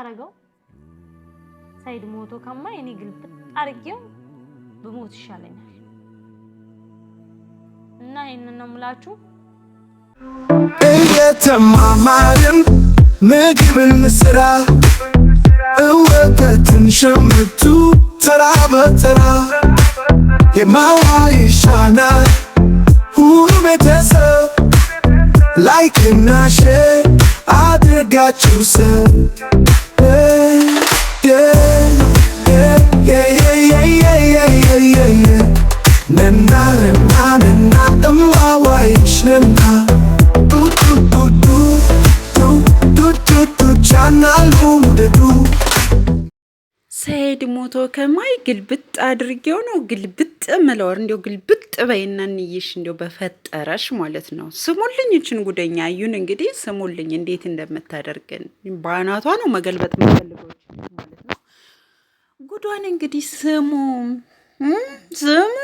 አረገው ሳይድ ሞቶ ከማ እኔ ግልብጥ አርጌው ብሞት ይሻለኛል። እና ይህንን ነው የምላችሁ። እየተማማርን ምግብን ስራ እወተትን ሸምቱ ተራ በተራ የማዋ ይሻናል ሁሉ ቤተሰብ ላይክና ሼር አድርጋችሁ ሰብ ሞቶ ከማይ ግልብጥ አድርጌው ነው ግልብጥ ምለወር እንዲው ግልብጥ በይነን ይሽ እንዲው በፈጠረሽ ማለት ነው። ስሙልኝ፣ ችን ጉደኛ እዩን እንግዲህ ስሙልኝ፣ እንዴት እንደምታደርገን በአናቷ ነው መገልበጥ የምፈልገው ማለት ነው። ጉዷን እንግዲህ ስሙ ስሙ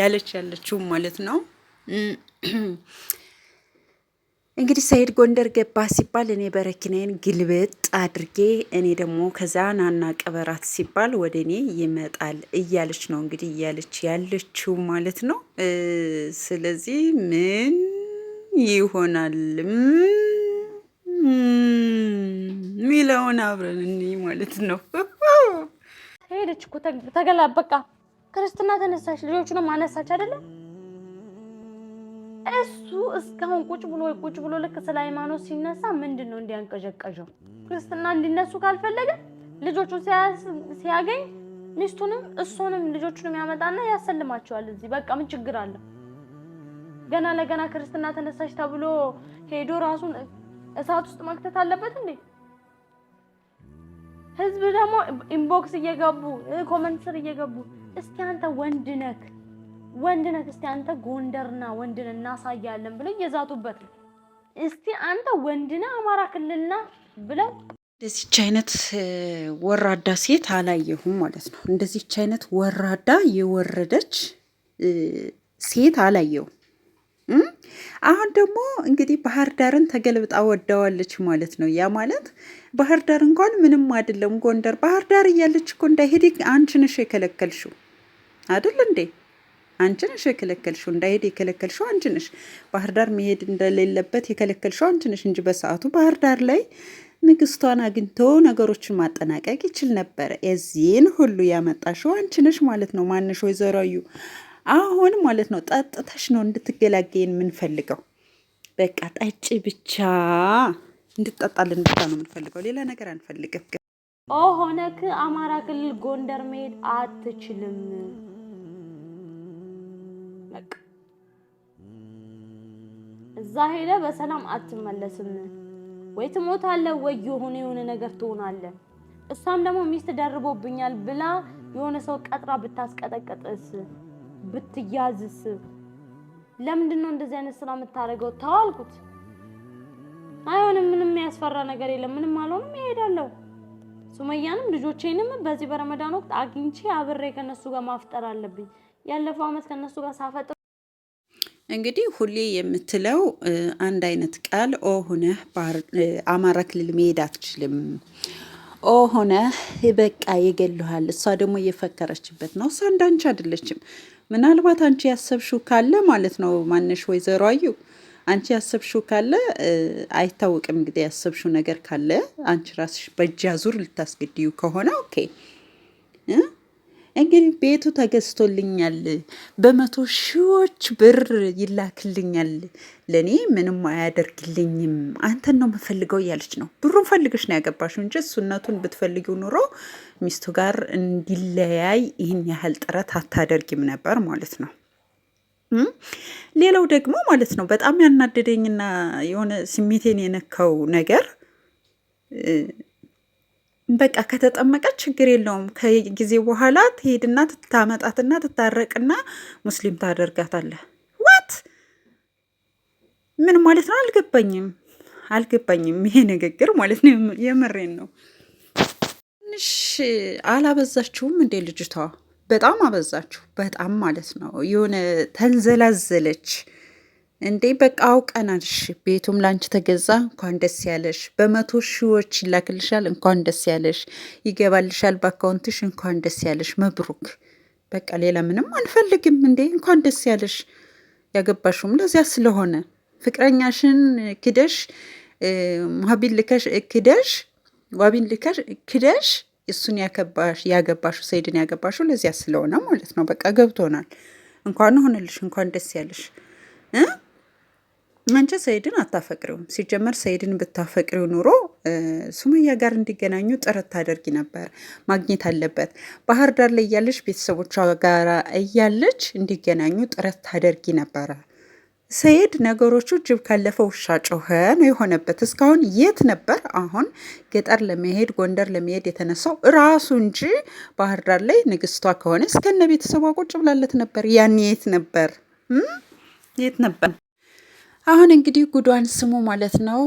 ያለች ያለችው ማለት ነው። እንግዲህ ሰይድ ጎንደር ገባ ሲባል እኔ በረኪናዬን ግልብጥ አድርጌ እኔ ደግሞ ከዛ ናና ቀበራት ሲባል ወደ እኔ ይመጣል እያለች ነው እንግዲህ እያለች ያለችው ማለት ነው። ስለዚህ ምን ይሆናል ሚለውን አብረን እኔ ማለት ነው። ሄደች እኮ ተገላ በቃ ክርስትና ተነሳች፣ ነው ማነሳች አይደለም እሱ እስካሁን ቁጭ ብሎ ቁጭ ብሎ ልክ ስለ ሃይማኖት ሲነሳ ምንድን ነው እንዲያንቀዠቀዠው? ክርስትና እንዲነሱ ካልፈለገ ልጆቹን ሲያገኝ ሚስቱንም እሱንም ልጆቹንም ያመጣና ያሰልማቸዋል። እዚህ በቃ ምን ችግር አለ? ገና ለገና ክርስትና ተነሳሽ ተብሎ ሄዶ ራሱን እሳት ውስጥ መክተት አለበት እንዴ? ህዝብ ደግሞ ኢንቦክስ እየገቡ ኮመንት ስር እየገቡ እስኪ አንተ ወንድ ነክ ወንድ ነህ እስቲ አንተ ጎንደርና ወንድን እናሳያለን ብለው እየዛቱበት ነው። እስቲ አንተ ነህ አማራ ክልልና ብለው እንደዚች አይነት ወራዳ ሴት አላየሁም ማለት ነው። እንደዚች አይነት ወራዳ የወረደች ሴት አላየሁም። አሁን ደግሞ እንግዲህ ባህር ዳርን ተገልብጣ ወደዋለች ማለት ነው። ያ ማለት ባህር ዳር እንኳን ምንም አይደለም፣ ጎንደር ባህር ዳር እያለች እኮ እንዳይሄድ አንቺ ነሽ የከለከልሽው አይደል እንዴ? አንቺ ነሽ የከለከልሽው እንዳይሄድ የከለከልሽው አንቺ ነሽ። ባህር ዳር መሄድ እንደሌለበት የከለከልሽው አንቺ ነሽ እንጂ በሰዓቱ ባህር ዳር ላይ ንግስቷን አግኝቶ ነገሮችን ማጠናቀቅ ይችል ነበረ። የዚህን ሁሉ ያመጣሽው አንቺ ነሽ ማለት ነው። ማንሽ ወይዘሮ አዩ አሁን ማለት ነው ጠጥተሽ ነው እንድትገላገይን የምንፈልገው። በቃ ጠጪ ብቻ እንድጠጣልን ብቻ ነው የምንፈልገው። ሌላ ነገር አንፈልግም። ኦ ሆነክ አማራ ክልል ጎንደር መሄድ አትችልም በቃ እዛ ሄደ በሰላም አትመለስም። ወይ ትሞታለህ ወይ የሆነ የሆነ ነገር ትሆናለህ። እሷም ደግሞ ሚስት ደርቦብኛል ብላ የሆነ ሰው ቀጥራ ብታስቀጠቀጥስ ብትያዝስ? ለምንድን ነው እንደዚህ አይነት ስራ የምታደርገው? ተዋልኩት። አይሆንም፣ ምንም የሚያስፈራ ነገር የለም። ምንም አልሆንም፣ ይሄዳለሁ። ሱመያንም ልጆቼንም በዚህ በረመዳን ወቅት አግኝቼ አብሬ ከነሱ ጋር ማፍጠር አለብኝ። ያለፈው አመት ከነሱ ጋር ሳፈጥ እንግዲህ ሁሌ የምትለው አንድ አይነት ቃል ኦ ሆነህ አማራ ክልል መሄድ አትችልም፣ ኦ ሆነህ በቃ ይገሉሃል። እሷ ደግሞ እየፈከረችበት ነው። እሷ እንዳንቺ አይደለችም። ምናልባት አንቺ ያሰብሽው ካለ ማለት ነው ማነሽ ወይዘሮ አዩ አንቺ ያሰብሽው ካለ አይታወቅም። እንግዲህ ያሰብሽው ነገር ካለ አንቺ ራስሽ በእጅ አዙር ልታስገድዩ ከሆነ ኦኬ እንግዲህ ቤቱ ተገዝቶልኛል፣ በመቶ ሺዎች ብር ይላክልኛል፣ ለእኔ ምንም አያደርግልኝም፣ አንተን ነው የምፈልገው እያለች ነው። ብሩን ፈልገሽ ነው ያገባሽው እንጂ እሱነቱን ብትፈልጊው ኑሮ ሚስቱ ጋር እንዲለያይ ይህን ያህል ጥረት አታደርጊም ነበር ማለት ነው። ሌላው ደግሞ ማለት ነው በጣም ያናደደኝና የሆነ ስሜቴን የነካው ነገር በቃ ከተጠመቀች ችግር የለውም። ከጊዜ በኋላ ትሄድና ትታመጣትና ትታረቅና ሙስሊም ታደርጋታለህ። ዋት ምን ማለት ነው? አልገባኝም አልገባኝም ይሄ ንግግር ማለት ነው። የምሬን ነው። ትንሽ አላበዛችሁም እንዴ ልጅቷ? በጣም አበዛችሁ። በጣም ማለት ነው የሆነ ተንዘላዘለች። እንዴ በቃ አውቀናልሽ። ቤቱም ላንቺ ተገዛ። እንኳን ደስ ያለሽ። በመቶ ሺዎች ይላክልሻል። እንኳን ደስ ያለሽ። ይገባልሻል በአካውንትሽ። እንኳን ደስ ያለሽ። መብሩክ። በቃ ሌላ ምንም አንፈልግም። እንዴ እንኳን ደስ ያለሽ። ያገባሽውም ለዚያ ስለሆነ ፍቅረኛሽን ክደሽ ሀቢን ልከሽ ክደሽ ዋቢን ልከሽ ክደሽ እሱን ያገባሹ ሰይድን ያገባሹ ለዚያ ስለሆነ ማለት ነው። በቃ ገብቶናል። እንኳን ሆነልሽ። እንኳን ደስ ያለሽ። አንቺ ሰይድን አታፈቅሪውም። ሲጀመር ሰይድን ብታፈቅሪው ኑሮ ሱመያ ጋር እንዲገናኙ ጥረት ታደርጊ ነበር። ማግኘት አለበት። ባህር ዳር ላይ እያለች ቤተሰቦቿ ጋር እያለች እንዲገናኙ ጥረት ታደርጊ ነበረ። ሰይድ ነገሮቹ ጅብ ካለፈ ውሻ ጮኸ ነው የሆነበት። እስካሁን የት ነበር? አሁን ገጠር ለመሄድ ጎንደር ለመሄድ የተነሳው ራሱ እንጂ ባህር ዳር ላይ ንግስቷ ከሆነ እስከነ ቤተሰቧ ቁጭ ብላለት ነበር። ያን የት ነበር? የት ነበር? አሁን እንግዲህ ጉዷን ስሙ ማለት ነው።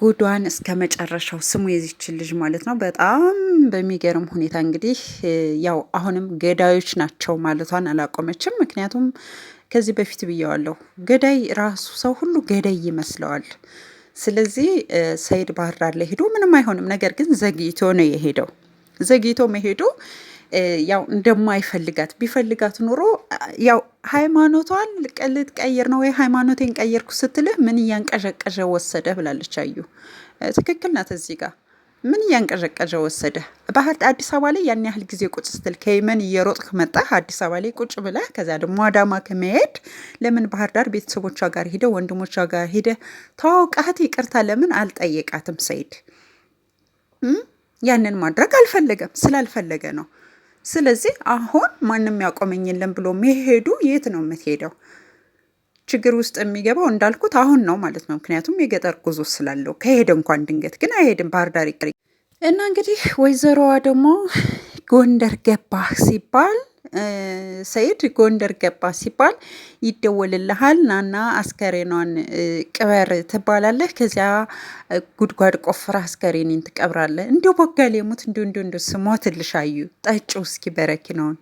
ጉዷን እስከ መጨረሻው ስሙ የዚች ልጅ ማለት ነው። በጣም በሚገርም ሁኔታ እንግዲህ ያው አሁንም ገዳዮች ናቸው ማለቷን አላቆመችም። ምክንያቱም ከዚህ በፊት ብየዋለሁ፣ ገዳይ ራሱ ሰው ሁሉ ገዳይ ይመስለዋል። ስለዚህ ሰይድ ባህር ዳር ላይ ሄዶ ምንም አይሆንም። ነገር ግን ዘግይቶ ነው የሄደው። ዘግይቶ መሄዱ ያው እንደማይፈልጋት ቢፈልጋት ኑሮ ያው ሃይማኖቷን ቀይር ነው ወይ ሃይማኖቴን ቀየርኩ ስትልህ ምን እያንቀዠቀዠ ወሰደ ብላለች። አዩ ትክክል ናት። እዚህ ጋር ምን እያንቀዠቀዠ ወሰደ? ባህር አዲስ አበባ ላይ ያን ያህል ጊዜ ቁጭ ስትል ከየመን እየሮጥክ መጣህ። አዲስ አበባ ላይ ቁጭ ብለህ ከዚያ ደግሞ አዳማ ከመሄድ ለምን ባህር ዳር ቤተሰቦቿ ጋር ሂደ ወንድሞቿ ጋር ሂደ ተዋውቃት ይቅርታ ለምን አልጠየቃትም? ሰይድ ያንን ማድረግ አልፈለገም። ስላልፈለገ ነው ስለዚህ አሁን ማንም ያቆመኝ የለም ብሎ መሄዱ የት ነው የምትሄደው? ችግር ውስጥ የሚገባው እንዳልኩት አሁን ነው ማለት ነው። ምክንያቱም የገጠር ጉዞ ስላለው ከሄደ እንኳን ድንገት ግን አይሄድም ባህር ዳር ይቀር እና እንግዲህ ወይዘሮዋ ደግሞ ጎንደር ገባህ ሲባል ሰይድ ጎንደር ገባ ሲባል ይደወልልሃል፣ ናና አስከሬኗን ቅበር ትባላለህ። ከዚያ ጉድጓድ ቆፍራ አስከሬኔን ትቀብራለህ። እንዲው ቦጋሌ ሙት እንዲ እንዲ እንዲ ስሞት ልሻዩ ጠጩ እስኪ በረኪናውን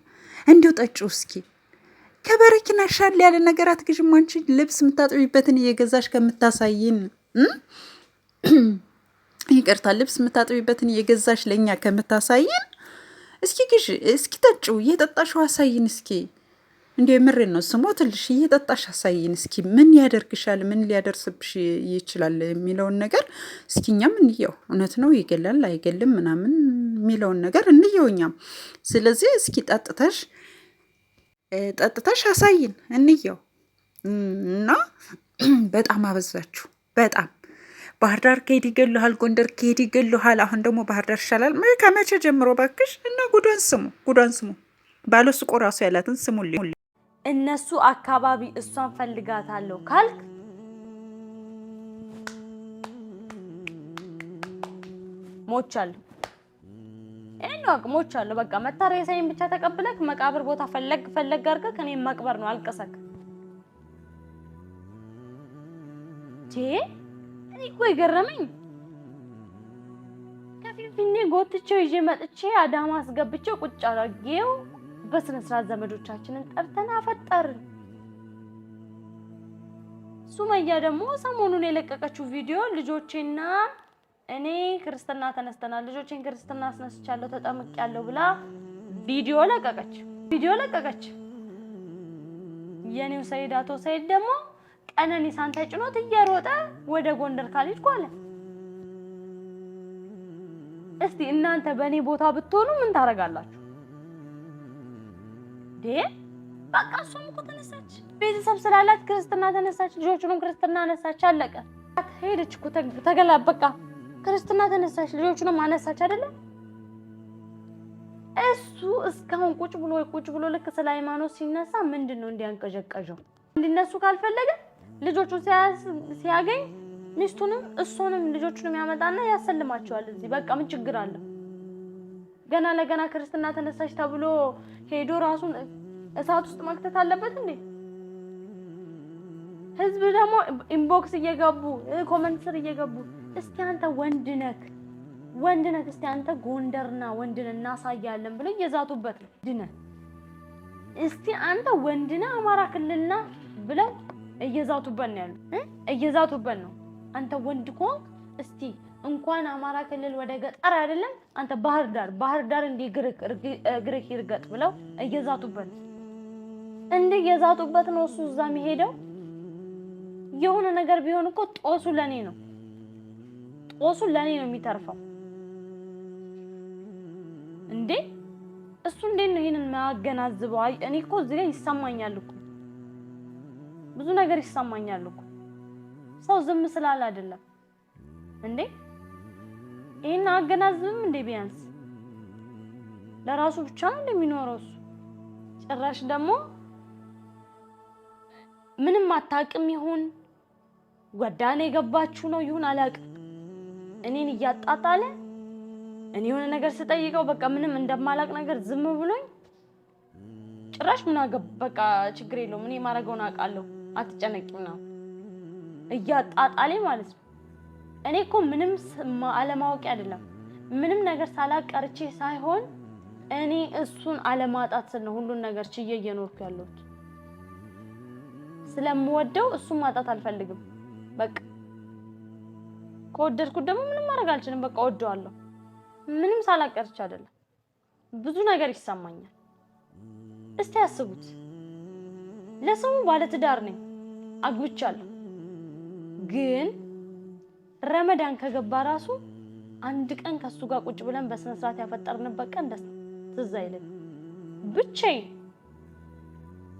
እንዲው ጠጩ እስኪ ከበረኪና ሻል ያለ ነገር አትግዥም አንቺ ልብስ የምታጥቢበትን እየገዛሽ ከምታሳይን ይቅርታ ልብስ የምታጥቢበትን እየገዛሽ ለእኛ ከምታሳይን እስኪ ግዢ፣ እስኪ ጠጪው፣ እየጠጣሽው አሳይን እስኪ እንዲ የምሬን ነው ትልሽ እየጠጣሽ አሳይን እስኪ ምን ያደርግሻል፣ ምን ሊያደርስብሽ ይችላል የሚለውን ነገር እስኪ እኛም እንየው። እውነት ነው ይገላል አይገልም ምናምን የሚለውን ነገር እንየው እኛም። ስለዚህ እስኪ ጠጥተሽ ጠጥተሽ አሳይን እንየው እና በጣም አበዛችሁ በጣም ባህር ዳር ከሄድ ይገልሃል፣ ጎንደር ከሄድ ይገልሃል። አሁን ደግሞ ባህር ዳር ይሻላል። ከመቼ ጀምሮ ባክሽ? እና ጉዷን ስሙ፣ ጉዷን ስሙ። ባለ ሱቁ ራሱ ያላትን ስሙልኝ። እነሱ አካባቢ እሷን ፈልጋታለሁ ካልክ ሞቻል ይህን አቅሞች ሞቻለሁ። በቃ መታረሳይን ብቻ ተቀብለክ መቃብር ቦታ ፈለግ ፈለግ አድርገህ እኔም መቅበር ነው አልቀሰክ እኔ እኮ የገረመኝ ከፊንፊኔ ጎትቼው ይዤ መጥቼ አዳማ አስገብቼው ቁጭ አድርጌው በስነ ስርዓት ዘመዶቻችንን ጠርተን አፈጠርን። ሱመያ ደግሞ ሰሞኑን የለቀቀችው ቪዲዮ ልጆቼና እኔ ክርስትና ተነስተናል፣ ልጆቼን ክርስትና አስነስቻለሁ፣ ተጠምቄያለሁ ብላ ቪዲዮ ለቀቀች ቪዲዮ ለቀቀች። የኔው ሰይድ አቶ ሰይድ ደግሞ ቀነኒሳን ተጭኖት እየሮጠ ወደ ጎንደር ካልሄድኩ አለ። እስቲ እናንተ በእኔ ቦታ ብትሆኑ ምን ታደርጋላችሁ? ዴ በቃ እሷም እኮ ተነሳች፣ ቤተሰብ ስላላት ክርስትና ተነሳች፣ ልጆቹንም ክርስትና አነሳች። አለቀ። ሄደች እኮ ተገላ በቃ ክርስትና ተነሳች፣ ልጆቹንም አነሳች። አይደለም እሱ እስካሁን ቁጭ ብሎ ቁጭ ብሎ ልክ ስለ ሃይማኖት ሲነሳ ምንድን ነው እንዲያንቀዠቀዠው? እንዲነሱ ካልፈለገ ልጆቹን ሲያገኝ ሚስቱንም እሱንም ልጆቹንም ያመጣና ያሰልማቸዋል። እዚህ በቃ ምን ችግር አለው? ገና ለገና ክርስትና ተነሳሽ ተብሎ ሄዶ ራሱን እሳት ውስጥ መክተት አለበት እንዴ? ህዝብ ደግሞ ኢንቦክስ እየገቡ ኮመንት ስር እየገቡ እስቲ አንተ ወንድ ነክ ወንድ ነክ እስቲ አንተ ጎንደርና ወንድን እናሳያለን ብለው እየዛቱበት ነው ድነ እስቲ አንተ ወንድና አማራ ክልልና ብለው እየዛቱበት ነው ያሉ እየዛቱበት ነው። አንተ ወንድ ከሆንክ እስቲ እንኳን አማራ ክልል ወደ ገጠር አይደለም አንተ ባህር ዳር ባህር ዳር እንዲህ ግርክ ይርገጥ ብለው እየዛቱበት እንዲህ እየዛቱበት ነው። እሱ እዛ የሚሄደው የሆነ ነገር ቢሆን እኮ ጦሱ ለኔ ነው፣ ጦሱ ለኔ ነው የሚተርፈው። እንዴ እሱ እንዴት ነው ይሄንን ማገናዝበው? እኔ እኮ እዚህ ላይ ይሰማኛል እኮ ብዙ ነገር ይሰማኛል እኮ ሰው ዝም ስላለ አይደለም እንዴ? ይሄን አገናዝብም እንዴ? ቢያንስ ለራሱ ብቻ ነው እንደሚኖረው እሱ። ጭራሽ ደግሞ ምንም አታውቅም ይሁን ጓዳኔ የገባችሁ ነው ይሁን አላውቅም፣ እኔን እያጣጣለ እኔ የሆነ ነገር ስጠይቀው በቃ ምንም እንደማላቅ ነገር ዝም ብሎኝ ጭራሽ ምን አገባ በቃ ችግር የለውም እኔ ማድረገውን አውቃለሁ አትጨነቂም ነው እያጣጣሌ ማለት ነው። እኔ እኮ ምንም አለማወቅ አይደለም ምንም ነገር ሳላቀርቼ ሳይሆን እኔ እሱን አለማጣት ነው ሁሉን ነገር ችዬ እየኖርኩ ያለሁት ስለምወደው እሱን ማጣት አልፈልግም። በቃ ከወደድኩት ደግሞ ምንም ማድረግ አልችልም። በቃ ወደዋለሁ። ምንም ሳላቀርቼ አይደለም። ብዙ ነገር ይሰማኛል። እስቲ ያስቡት። ለስሙ ባለትዳር ነኝ፣ አግብቻለሁ። ግን ረመዳን ከገባ ራሱ አንድ ቀን ከሱ ጋር ቁጭ ብለን በስነ ስርዓት ያፈጠርንበት ቀን ደስ ትዝ አይልም። ብቻዬን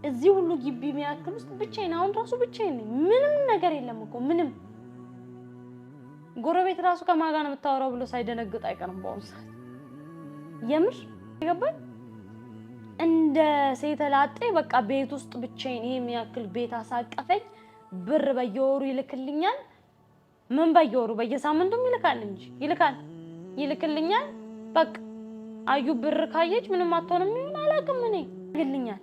እዚህ ሁሉ ግቢ የሚያክል ውስጥ ብቻዬን፣ አሁን ራሱ ብቻዬን ነኝ። ምንም ነገር የለም እኮ ምንም። ጎረቤት ራሱ ከማን ጋር ነው የምታወራው ብሎ ሳይደነግጥ አይቀርም በአሁኑ ሰዓት የምር ይገባል እንደ ሴተላጤ በቃ ቤት ውስጥ ብቻዬን ይሄ የሚያክል ቤት አሳቀፈኝ። ብር በየወሩ ይልክልኛል። ምን በየወሩ በየሳምንቱም ይልካል እንጂ ይልካል ይልክልኛል። በቃ አዩ ብር ካየች ምንም አትሆንም ይሁን አላውቅም። እኔ ይልኛል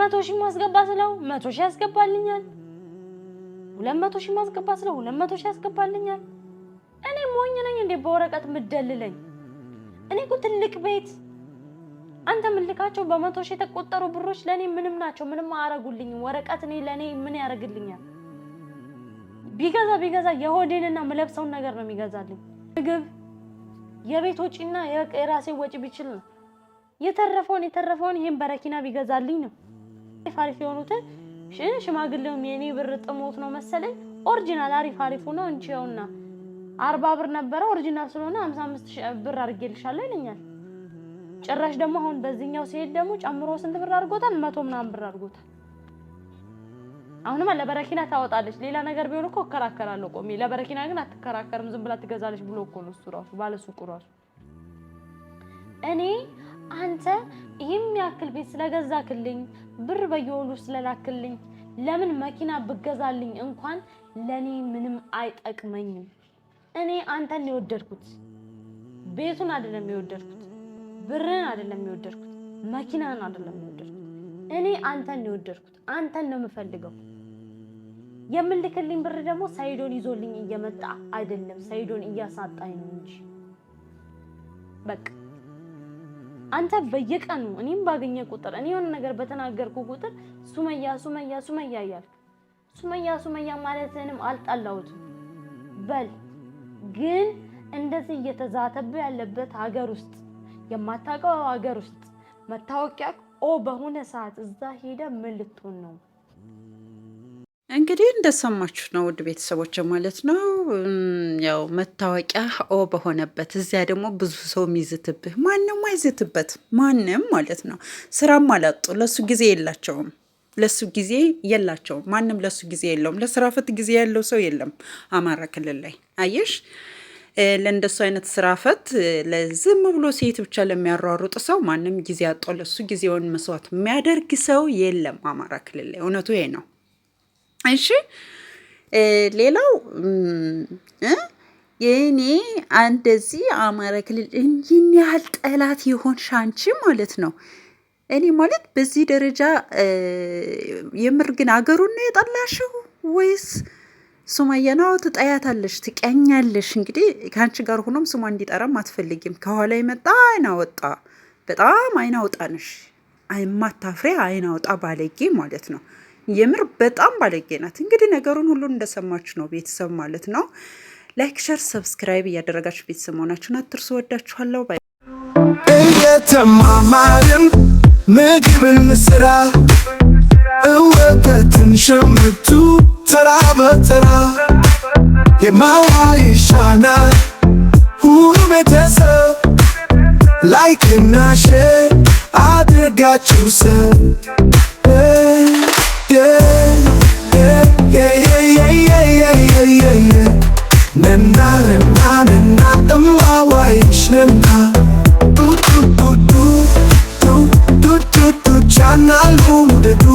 መቶ ሺህ ማስገባ ስለው መቶ ሺህ ያስገባልኛል። ሁለት መቶ ሺህ ማስገባ ስለው ሁለት መቶ ሺህ ያስገባልኛል። እኔ ሞኝ ነኝ እንዴ በወረቀት ምደልለኝ? እኔ እኮ ትልቅ ቤት አንተ ምልካቸው በመቶ ሺህ የተቆጠሩ ብሮች ለእኔ ምንም ናቸው። ምንም አያረጉልኝም። ወረቀት እኔ ለእኔ ምን ያደርግልኛል? ቢገዛ ቢገዛ የሆዴንና ምለብሰውን ነገር ነው የሚገዛልኝ። ምግብ፣ የቤት ወጪና የራሴ ወጪ ቢችል ነው። የተረፈውን የተረፈውን ይሄን በረኪና ቢገዛልኝ ነው። አሪፍ የሆኑትን ሽማግሌውም የእኔ ብር ጥሞት ነው መሰለኝ። ኦሪጂናል አሪፍ አሪፉ ነው እንጂ አርባ ብር ነበረ ኦሪጂናል ስለሆነ ሀምሳ አምስት ብር አድርጌልሻለሁ ይለኛል። ጭራሽ ደግሞ አሁን በዚህኛው ሲሄድ ደግሞ ጨምሮ ስንት ብር አድርጎታል? መቶ ምናምን ብር አድርጎታል። አሁንማ ለበረኪና ታወጣለች። ሌላ ነገር ቢሆን እኮ እከራከራለሁ ቆሜ። ለበረኪና ግን አትከራከርም፣ ዝም ብላ ትገዛለች ብሎ እኮ ነው እሱ ራሱ ባለሱቁ ራሱ። እኔ አንተ ይህም ያክል ቤት ስለገዛክልኝ ብር በየወሉ ስለላክልኝ ለምን መኪና ብገዛልኝ እንኳን ለኔ ምንም አይጠቅመኝም። እኔ አንተን የወደድኩት ቤቱን አይደለም የወደድኩት ብርን አይደለም የወደድኩት፣ መኪናን አይደለም የወደድኩት። እኔ አንተን የወደድኩት፣ አንተን ነው የምፈልገው። የምልክልኝ ብር ደግሞ ሳይዶን ይዞልኝ እየመጣ አይደለም፣ ሳይዶን እያሳጣኝ ነው እንጂ በቃ አንተ በየቀኑ እኔም ባገኘ ቁጥር እኔ የሆነ ነገር በተናገርኩ ቁጥር ሱመያ ሱመያ ሱመያ እያልክ ሱመያ ሱመያ ማለትንም አልጠላሁትም። በል ግን እንደዚህ እየተዛተብህ ያለበት ሀገር ውስጥ የማታውቀው ሀገር ውስጥ መታወቂያ ኦ በሆነ ሰዓት እዛ ሄደ ምን ልትሆን ነው? እንግዲህ እንደሰማችሁ ነው ውድ ቤተሰቦች ማለት ነው። ያው መታወቂያ ኦ በሆነበት እዚያ ደግሞ ብዙ ሰው የሚዝትብህ ማንም አይዝትበት ማንም ማለት ነው። ስራም አላጡ ለሱ ጊዜ የላቸውም ለሱ ጊዜ የላቸውም። ማንም ለሱ ጊዜ የለውም። ለስራ ፍት ጊዜ ያለው ሰው የለም አማራ ክልል ላይ አየሽ ለእንደሱ አይነት ስራ ፈት ለዝም ብሎ ሴት ብቻ ለሚያሯሩጥ ሰው ማንም ጊዜ አጦ ለሱ ጊዜውን መስዋዕት የሚያደርግ ሰው የለም አማራ ክልል ላይ። እውነቱ ይሄ ነው። እሺ ሌላው የእኔ እንደዚህ አማራ ክልል ይህን ያህል ጠላት የሆንሽ አንቺ ማለት ነው። እኔ ማለት በዚህ ደረጃ የምር ግን አገሩን ነው የጠላሽው ወይስ ሱማያ ነው ትጠያታለሽ፣ ትቀኛለሽ። እንግዲህ ከአንቺ ጋር ሆኖም ስሟ እንዲጠራም አትፈልጊም። ከኋላ የመጣ አይናወጣ በጣም አይናውጣንሽ፣ የማታፍሬ አይናውጣ ባለጌ ማለት ነው። የምር በጣም ባለጌ ናት። እንግዲህ ነገሩን ሁሉን እንደሰማች ነው ቤተሰብ ማለት ነው። ላይክ፣ ሸር፣ ሰብስክራይብ እያደረጋችሁ ቤተሰብ መሆናችሁን አትርሱ። ወዳችኋለሁ። እየተማማርን ምግብን ስራ እወተትን ሸምቱ ተራ በተራ የማዋ ይሻናል ሁሉ ቤተሰብ ላይክና ሼር አድርጋችሁ ሰብናናናና እማዋ ይሽንና ቻናሉን ውደዱ